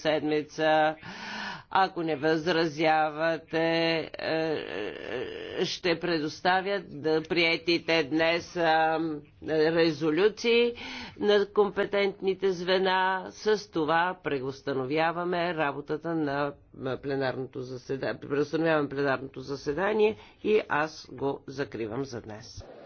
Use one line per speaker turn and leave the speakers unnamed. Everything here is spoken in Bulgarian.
седмица. Ако не възразявате, е, е, ще предоставят приетите днес е, резолюции на компетентните звена. С това преустановяваме работата на пленарното заседание. преустановяваме пленарното заседание и аз го закривам за днес.